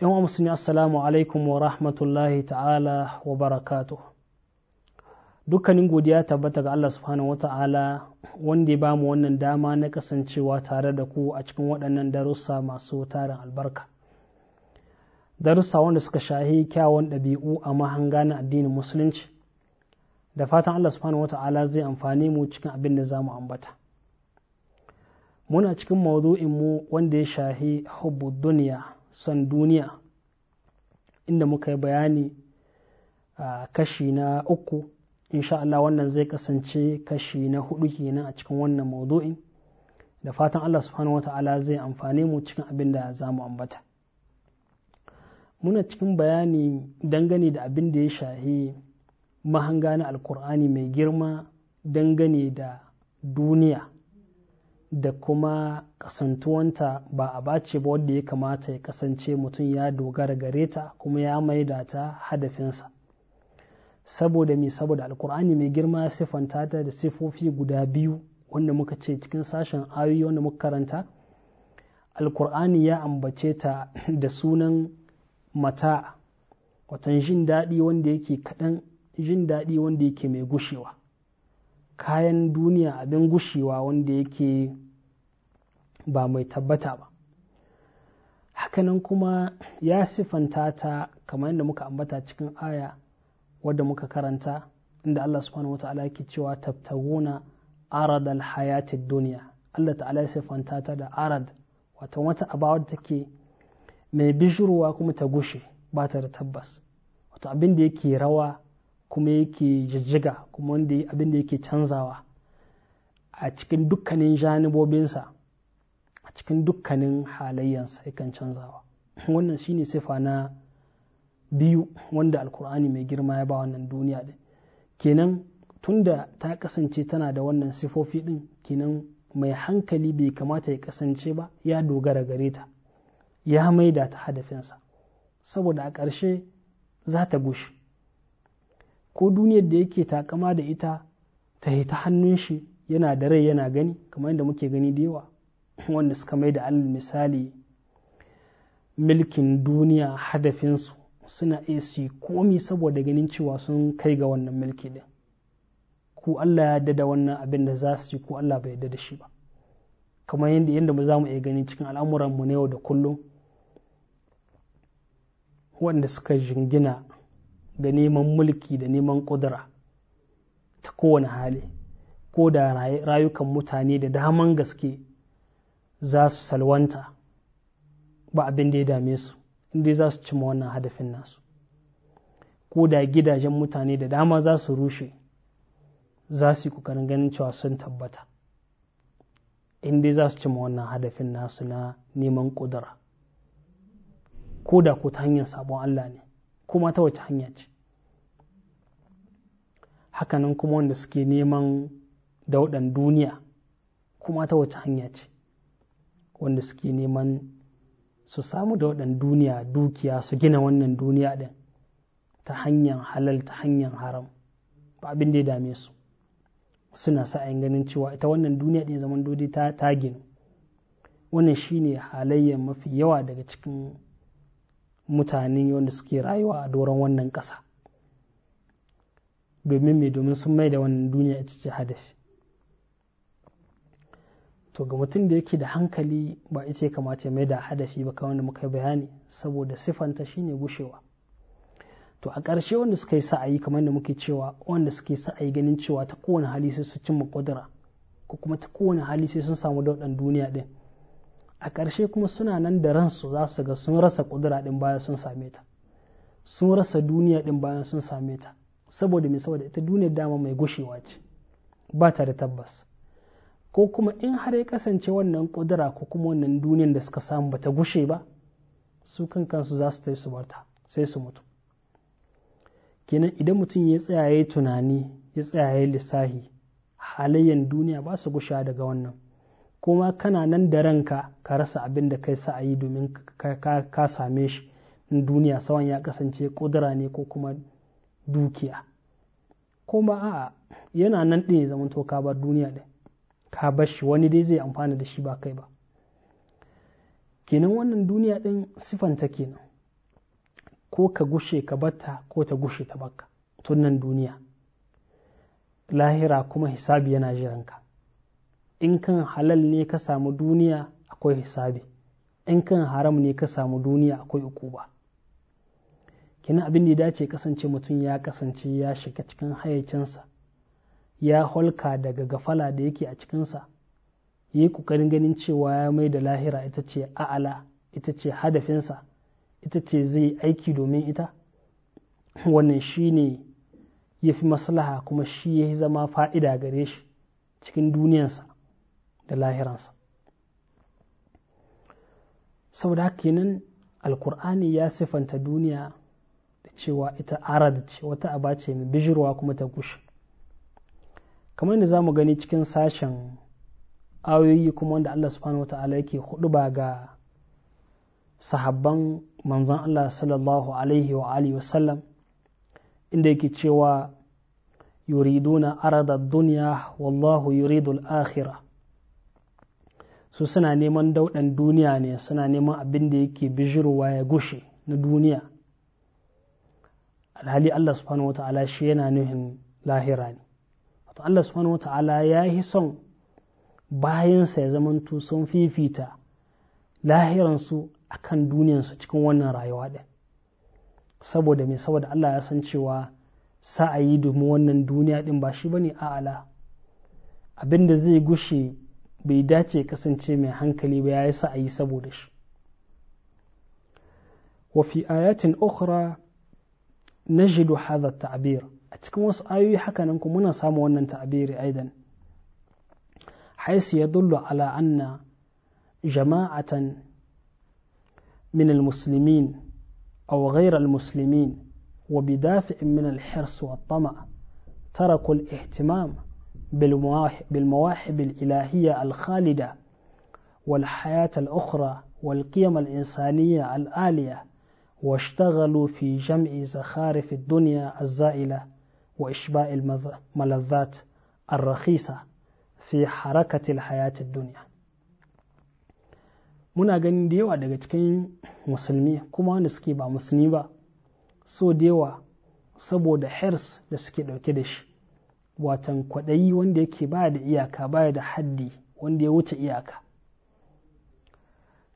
yan wa musulmi assalamu alaikum wa rahmatullahi ta'ala wa barakatu dukkanin godiya tabbata ga Allah subhanahu wa ta'ala wanda ya bamu wannan dama na kasancewa tare da ku a cikin waɗannan darussa masu tarin albarka darussa wanda suka shahi kyawun ɗabi'u a mahanga na addinin musulunci da fatan Allah subhanahu wa ta'ala zai amfani mu cikin abin da za mu ambata muna cikin maudu'in mu wanda ya shahi hubbu duniya son duniya inda muka yi bayani a kashi na uku insha Allah wannan zai kasance kashi na hudu kenan a cikin wannan maudu'in da fatan Allah subhanahu wata'ala zai amfani mu cikin abin da za mu ambata muna cikin bayani dangane da abin da ya shahi mahanga na alkur'ani mai girma dangane da duniya da kuma kasantuwanta ba a bace ba wanda ya kamata ya kasance mutum ya dogara gare ta kuma ya maida ta hadafinsa saboda me saboda alkur'ani mai girma ya siffanta ta da sifofi guda biyu wanda muka ce cikin sashen ayoyi wanda muka karanta alkur'ani ya ambace ta da sunan mata watan jin daɗi wanda yake kaɗan jin daɗi wanda yake mai gushewa kayan duniya abin gushewa wanda yake ba mai tabbata ba hakanan kuma ya sifanta ta kamar yadda muka ambata cikin aya wadda muka karanta inda Allah subhanahu wa ta'ala yake cewa tabtaguna arad duniya Allah ta'ala ya sifanta ta da arad wato wata abawa da take mai bishirwa kuma ta gushe ba ta da tabbas wato abin da yake rawa kuma yake jijjiga kuma wanda abin da yake canzawa a cikin dukkanin janibobinsa a cikin dukkanin halayyansa yakan canzawa wannan shine sifa na biyu wanda alkur'ani mai girma ya ba wannan duniya din kenan tunda ta kasance tana da wannan sifofi din kenan mai hankali bai kamata ya kasance ba ya dogara gare ta ya maida ta hadafinsa saboda a ƙarshe za ta gushe ko duniyar da yake takama da ita ta ta hannun shi yana da rai yana gani kamar yadda muke gani da yawa wanda suka mai da alal misali milkin duniya hadafinsu suna iya su komi saboda ganin cewa sun kai ga wannan milki din ko Allah ya da wannan abin da za su yi ko Allah bai yarda da shi ba kamar yadda yadda mu za mu iya gani cikin al'amuran mu na yau da kullum wanda suka jingina da neman mulki da neman ƙudura ta kowane hali ko da rayukan mutane da daman gaske za su salwanta ba abin da ya dame su inda za su cima wannan hadafin nasu ko da gidajen mutane da dama za su rushe za su yi ƙoƙarin ganin cewa sun tabbata inda za su cima wannan hadafin nasu na neman ƙudura ko da ko ta hanyar sabon Allah ne kuma ta wace hanya ce hakanan kuma wanda suke neman daudan duniya kuma ta wace hanya ce wanda suke neman su samu daudan duniya dukiya su gina wannan duniya ɗin ta hanyar halal ta hanyar haram ba abin da ya dame su suna sa'ayin ganin cewa ita wannan duniya ɗin zaman dodi ta gina wannan shine halayyar mafi yawa daga cikin mutane wanda suke rayuwa a doron wannan ƙasa domin mai domin sun mai da wannan duniya a cikin hadafi to ga mutum da yake da hankali ba ita ya kamata mai da hadafi ba kamar da muka bayani saboda sifanta shine gushewa to a ƙarshe wanda suka yi sa'ayi kamar da muke cewa wanda suke sa'ayi ganin cewa ta kowane hali sai su cimma ƙudura ko kuma ta kowane hali sai sun samu dauɗan duniya ɗin a ƙarshe kuma suna nan da ransu za su ga sun rasa ƙudura ɗin bayan sun same ta sun rasa duniya ɗin bayan sun same ta saboda mai saboda ita duniyar dama mai gushewa ce ba ta da tabbas ko kuma in har ya kasance wannan ƙudura ko kuma wannan duniyar da suka samu ba ta gushe ba su kan kansu za su ta su barta sai su mutu kenan idan mutum ya tsaya ya tunani ya tsaya ya lissahi halayyan duniya ba su gushewa daga wannan kuma kana nan da ranka ka rasa abin da kai yi domin ka same shi in duniya sawan ya kasance kudura ne ko kuma dukiya kuma a'a yana nan ɗin ya zamanto ka bar duniya ɗin ka bar shi wani dai zai amfana da shi ba kai ba kenan wannan duniya ɗin sifanta kenan ko ka gushe ka batta ko ta gushe ta baka tun nan duniya lahira kuma hisabi yana jiranka in kan halal ne ka samu duniya akwai hisabi in kan haram ne ka samu duniya akwai ukuba kina abin da ya dace kasance mutum ya kasance ya shiga cikin hayyacinsa ya holka daga gafala da yake a cikinsa ya yi ƙoƙarin ganin cewa ya mai da lahira ita ce a'ala ita ce hadafinsa ita ce zai aiki domin ita wannan shi ne ya fi maslaha kuma shi ya zama fa'ida gare shi cikin duniyarsa. da lahiransa saboda haka kenan alkur'ani ya siffanta duniya da cewa ita arad ce wata aba ce mai bijirwa kuma ta gushe kamar da za mu gani cikin sashen ayoyi kuma wanda Allah subhanahu wa ta'ala yake hudu ba ga sahabban manzon Allah sallallahu alaihi wa alihi wasallam inda yake cewa yuriduna arada duniya wallahu yuridul akhirah su suna neman dauɗan duniya ne suna neman abin da yake bijirwa ya gushe na duniya alhali Allah subhanahu wata'ala shi yana nuhin lahira ne wato Allah subhanahu wata'ala ya yi son bayansa ya zamanto sun fifita lahiransu a kan duniyansu cikin wannan rayuwa ɗin saboda mai saboda Allah ya san cewa sa'ayi domin wannan duniya ɗin ba shi bane a'ala abin da zai gushe bai dace kasance mai hankali ba ya yi sa'ayi saboda shi wafi ayatin okra na jidu hazar ta'abir a cikin wasu ayoyi hakanan kuma muna samun wannan ta'abiri aidan haisu ya dullu ala anna jama'atan minal almuslimin au ghayra almuslimin wa bidafi'in min alhirs wa tama tarakul ihtimam بالمواهب الإلهية الخالدة والحياة الأخرى والقيم الإنسانية العالية واشتغلوا في جمع زخارف الدنيا الزائلة وإشباع الملذات الرخيصة في حركة الحياة الدنيا muna ganin da yawa daga cikin musulmi kuma wanda suke ba musulmi ba so da yawa saboda hers da suke ɗauke da shi watan kwaɗayi wanda yake baya da iyaka baya da haddi wanda ya wuce iyaka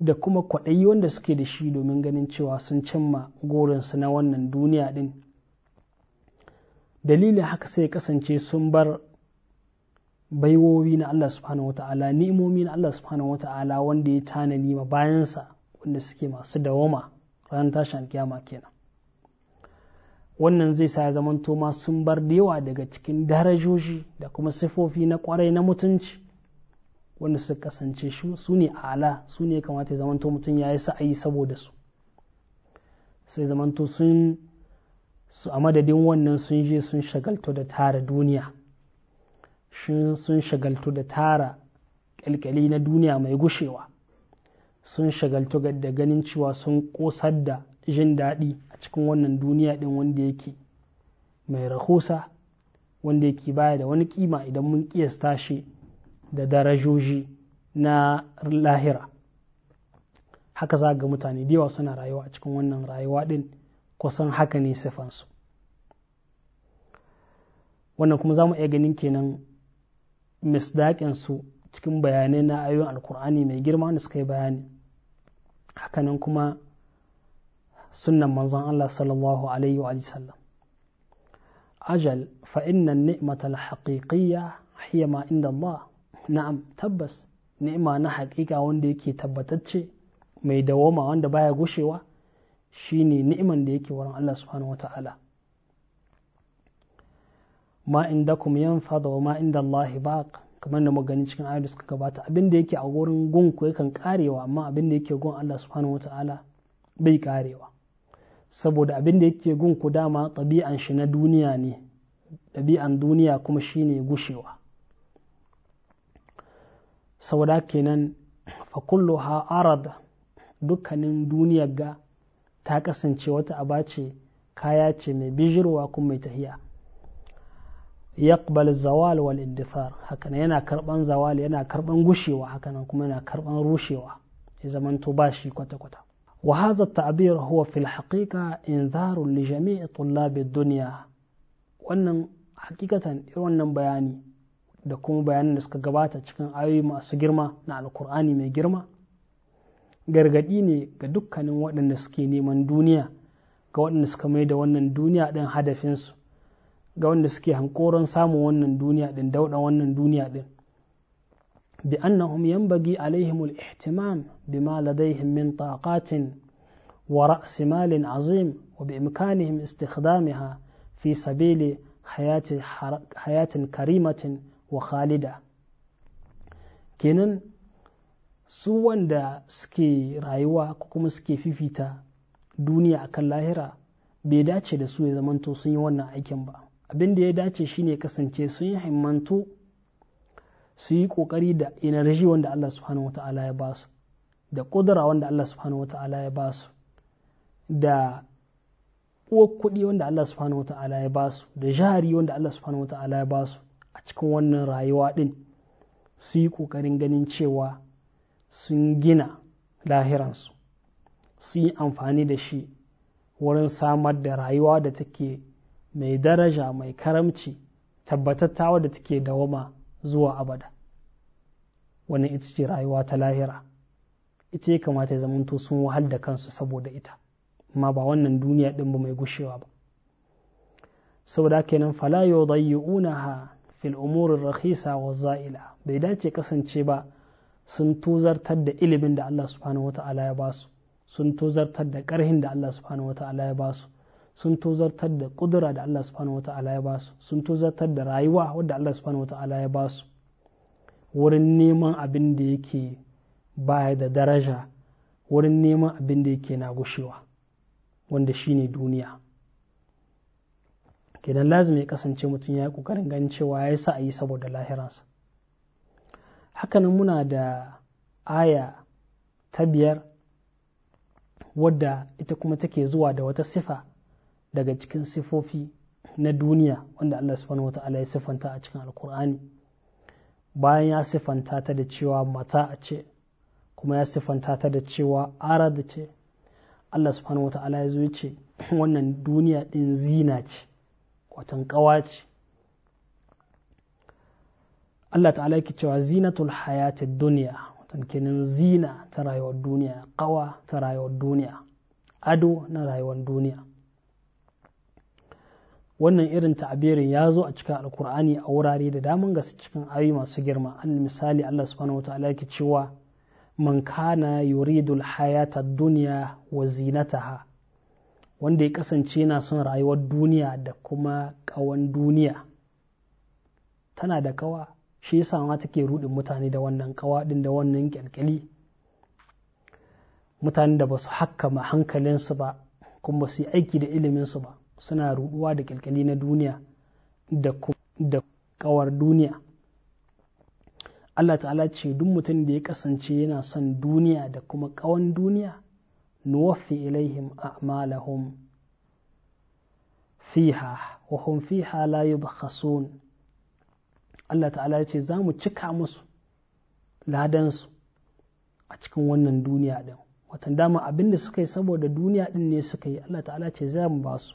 da kuma kwaɗayi wanda suke da shi domin ganin cewa sun cimma gorinsu na wannan duniya ɗin Dalili haka sai kasance sun bar baiwowi na Allah subhanahu wata'ala ni'imomi na Allah subhanahu wata'ala wanda ya tanani ma bayansa wanda suke masu dawoma ranar tashin alkiyama kenan wannan zai sa zamanto ma sun bar da yawa daga cikin darajoji da kuma sifofi na kwarai na mutunci wanda su kasance su ne ala su ne kamata ya zamanto mutum ya yi sa'ayi saboda su sai zamanto sun su a madadin wannan sun je sun shagalto da tara duniya sun shagalto da tara kyalkyali na duniya mai gushewa sun shagalto da ganin cewa sun kosar da jin daɗi cikin wannan duniya ɗin wanda yake mai rahusa wanda yake baya da wani kima idan mun kiyasta shi da darajoji na lahira haka za ga mutane da yawa suna rayuwa a cikin wannan rayuwa ɗin kusan haka ne siffansu wannan kuma za mu iya ganin kenan misdaƙinsu cikin bayanai na ayoyin alkur'ani mai girma wanda suka yi bayani hakanan kuma sunnan manzon Allah sallallahu alaihi wa sallam ajal fa inna ni'mata al hiya ma inda Allah na'am tabbas ni'ima na haƙiƙa wanda yake tabbatacce mai dawoma wanda baya gushewa shine ni'iman da yake wurin Allah subhanahu Ta'ala. ma indakum yanfada wa ma inda Allah baq kamar da magani cikin ayoyi suka gabata abin da yake a gurin gunku yakan karewa amma abin da yake gun Allah subhanahu Ta'ala bai karewa saboda abin da yake gun ku dama ɗabi'an shi na duniya ne ɗabi'an duniya kuma shi ne gushewa saboda kenan fa kullu ha arada dukkanin duniyar ga ta kasance wata aba ce kaya ce mai bijirwa kuma mai tahiya yaqbal zawal wal indifar hakan yana karban zawal yana karban gushewa hakanan kuma yana karban rushewa ya zamanto ba shi kwata-kwata وهذا التعبير هو في الحقيقة إنذار لجميع طلاب duniya wannan hakikatan irin wannan bayani da kuma bayanan da suka gabata cikin ayoyi masu girma na alkur'ani mai girma gargaɗi ne ga dukkanin waɗanda suke neman duniya ga waɗanda suka mai da wannan duniya ɗin hadafinsu ga wanda suke hankoron samun wannan duniya ɗin dauɗa wannan duniya ɗin بأنهم ينبغي عليهم الاهتمام بما لديهم من طاقات ورأس مال عظيم وبإمكانهم استخدامها في سبيل حياة, حياة كريمة وخالدة kenan su wanda suke rayuwa ko kuma suke fifita duniya akan lahira bai dace da su ya zamanto sun yi wannan aikin ba abin ya dace shine kasance sun yi himmantu su yi ƙoƙari da energy wanda Allah subhanahu wata'ala ya ba su da ƙudura wanda Allah subhanahu wata'ala ya ba su da uwa kuɗi wanda Allah subhanahu wata'ala ya ba su da jihari wanda Allah subhanahu wata'ala ya ba su a cikin wannan rayuwa din. su yi ƙoƙarin ganin cewa sun gina lahiransu su yi amfani da shi wurin samar da rayuwa da take mai daraja mai karamci tabbatattawa da take dawama zuwa abada wannan ita ce rayuwa ta lahira ita ya kamata ya zamanto sun wahal da kansu saboda ita amma ba wannan duniya ɗin ba mai gushewa ba saboda kenan fala yudayyi'unaha fil umurir rakhisa wa za'ila bai dace kasance ba sun tuzartar da ilimin da Allah subhanahu wata'ala ya basu sun tuzartar da ƙarhin da Allah subhanahu wata'ala ya basu sun tozartar da kudura da Allah subhanahu wata'ala ya basu sun tozartar da rayuwa wadda Allah subhanahu wata'ala ya basu wurin neman abin da yake baya da daraja wurin neman abin da yake na gushewa wanda shine duniya kenan lazim ya kasance mutum ya yi kokarin ganin cewa ya sa a yi saboda lahiransa hakanan muna da aya ta biyar wadda ita kuma take zuwa da wata sifa daga cikin sifofi na duniya wanda Allah subhanahu wata'ala ya sifanta a cikin alkur'ani bayan ya sifanta ta da cewa mata a ce kuma ya sifanta ta da cewa arad ce Allah subhanahu wata'ala ya zo ce wannan duniya ɗin zina ce watan ƙawa ce Allah ta'ala yake cewa zinatul hayati duniya watan kenan zina ta rayuwar duniya ƙawa ta rayuwar duniya ado na rayuwar duniya wannan irin ta'abirin ya zo a cikin alkur'ani a wurare da daman gaske cikin ayoyi masu girma an misali Allah subhanahu wataala yake cewa man kana yuridul hayata dunya wa zinataha wanda ya kasance yana son rayuwar duniya da kuma kawan duniya tana da kawa shi yasa ma take rudin mutane da wannan kawa din da wannan kyalkyali mutanen da ba su hakkama hankalinsu ba kuma ba su yi aiki da iliminsu ba suna ruɗuwa da kyalkyali na duniya da kawar duniya Allah ta'ala ce duk mutum da ya kasance yana son duniya da kuma ƙawan duniya nuwafi ilaihim a'malahum fiha wa hum fiha la yubkhasun Allah ta'ala ce za mu cika musu ladansu a cikin wannan duniya din watan dama abin da suka yi saboda duniya din ne suka yi Allah ta'ala ce za mu ba su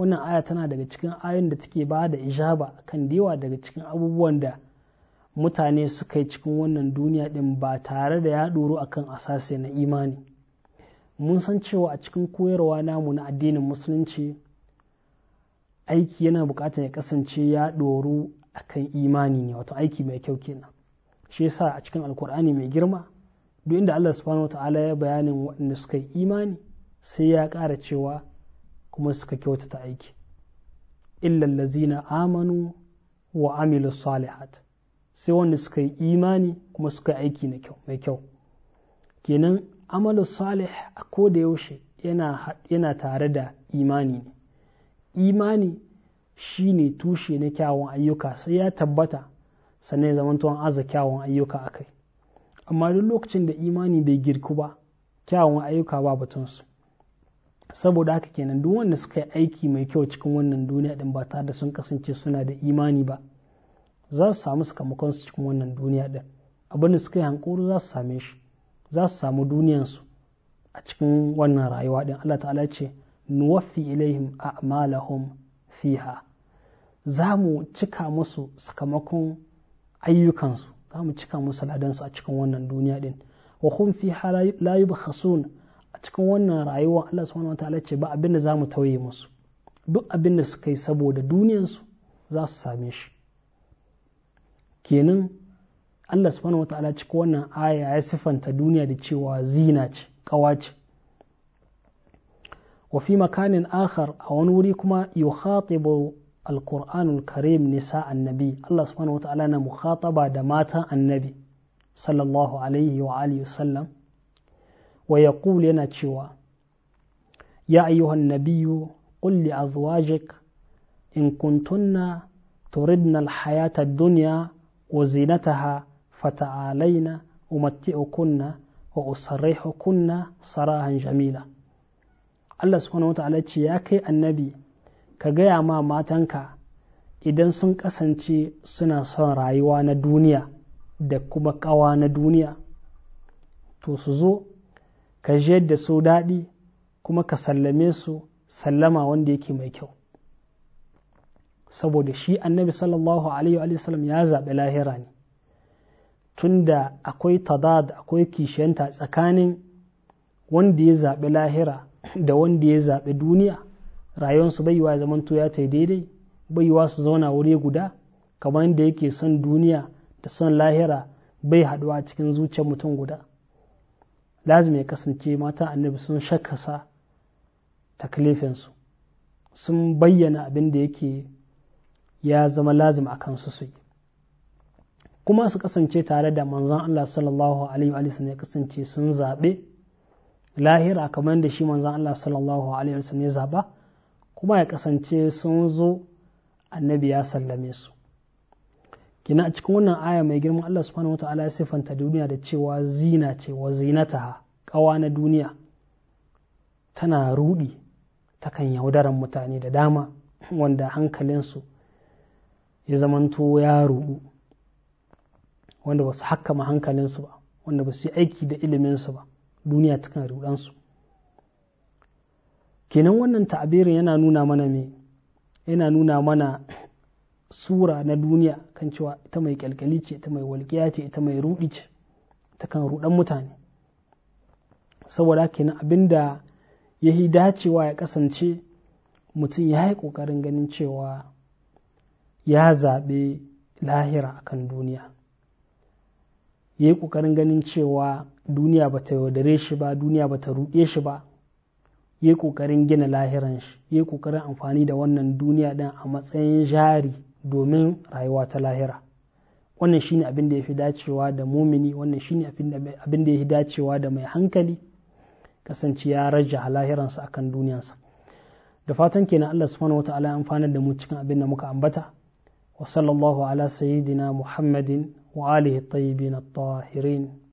wannan aya tana daga cikin ayoyin da take ba da ijaba kan dewa daga cikin abubuwan da mutane suka yi cikin wannan duniya din ba tare da ya ɗoro akan asase na imani mun san cewa a cikin koyarwa namu na addinin musulunci aiki yana bukatar ya kasance ya doro akan imani ne wato aiki mai kyau kenan shi yasa a cikin alkur'ani mai girma duk inda Allah subhanahu ta'ala ya bayanin waɗanda suka yi imani sai ya ƙara cewa kuma suka kyautata aiki illal lazina amanu wa amilu salihat sai wanda suka yi imani kuma suka yi aiki na kyau mai kyau kenan amalu salih a da yaushe yana, yana tare da imani ne imani shi ne tushe na kyawun ayyuka sai ya tabbata sannan zaman tuwon aza kyawun ayyuka a kai amma duk lokacin da imani bai girku ba kyawun ayyuka ba batunsu saboda haka kenan duk wanda suka yi aiki mai kyau cikin wannan duniya din ba tare da sun kasance suna da imani ba za su samu sakamakon su cikin wannan duniya din abinda suka yi hankuru za su same shi za su samu duniyansu a cikin wannan rayuwa din Allah ta'ala ce nuwaffi ilaihim a'malahum fiha za mu cika musu sakamakon ayyukansu za mu cika musu ladansu a cikin wannan duniya din wa hum fiha la yubkhasun a cikin wannan rayuwa Allah subhanahu wataala ce ba abin da za mu tauye musu duk abin da suka yi saboda duniyansu za su same shi kenan Allah subhanahu wataala cikin wannan aya ya sifanta duniya da cewa zina ce kawa ce wa fi makanin akhar a wani wuri kuma yukhatibu alqur'anul karim nisa annabi Allah subhanahu wataala na mukhataba da matan annabi sallallahu alaihi wa alihi wasallam wa yaqul yana cewa ya ayyuhan nabiyyu qul azwajik in kuntunna turidna alhayata ad-dunya wa zinataha fata'alaina umatti'ukunna wa usarrihukunna sarahan jamila Allah subhanahu wataala ce ya kai annabi ka gaya ma matanka idan sun kasance suna son rayuwa na duniya da kuma kawa na duniya to su zo ka je da su daɗi kuma ka sallame su sallama wanda yake mai kyau saboda shi annabi sallallahu alaihi wa sallam ya zaɓi lahira ne tunda akwai tadad akwai kishiyanta tsakanin wanda ya zaɓi lahira da wanda ya zaɓi duniya rayuwarsu bai wa zamanto ya ta daidai bai wa su zauna wuri guda kamar yadda yake son duniya da son lahira bai haɗuwa cikin zuciyar mutum guda lazim ya kasance matan annabi sun shakasa taklifinsu sun bayyana abin da yake ya zama lazim a kansu su yi kuma su kasance tare da manzon Allah sallallahu alaihi wa sallam ya kasance sun zaɓe lahira kamar da shi manzon Allah sallallahu alaihi wa sallam ya zaɓa kuma ya kasance sun zo annabi ya sallame su kina a cikin wannan aya mai girman Allah subhanahu wata'ala ya siffanta duniya da cewa zina ce wa zinataha kawa na duniya tana rudi takan yaudaran mutane da dama wanda hankalinsu ya zamanto ya rudu wanda ba su hakkama hankalinsu ba wanda ba su yi aiki da iliminsu ba duniya ta kan rudansu kenan wannan ta'abirin yana nuna mana me yana nuna mana sura na duniya kan cewa ita mai kyalkyali ce ita mai walƙiya ce ita mai ruɗi ce ta kan ruɗan mutane saboda kenan abin da ya yi dacewa ya kasance mutum ya yi ƙoƙarin ganin cewa ya zaɓe lahira akan duniya ya yi ƙoƙarin ganin cewa duniya ba ta yaudare shi ba duniya ba ta ruɗe shi ba ya yi ƙoƙarin gina lahiran shi ya yi ƙoƙarin amfani da wannan duniya ɗin a matsayin jari domin rayuwa ta lahira wannan shine abin da ya fi dacewa da mumini wannan shine abin da ya fi dacewa da mai hankali kasance ya raja lahiransa akan duniyansa da fatan kenan Allah subhanahu wata'ala ya amfana da mu cikin abin da muka ambata wa sallallahu ala sayyidina muhammadin wa alihi tayyibin at-tahirin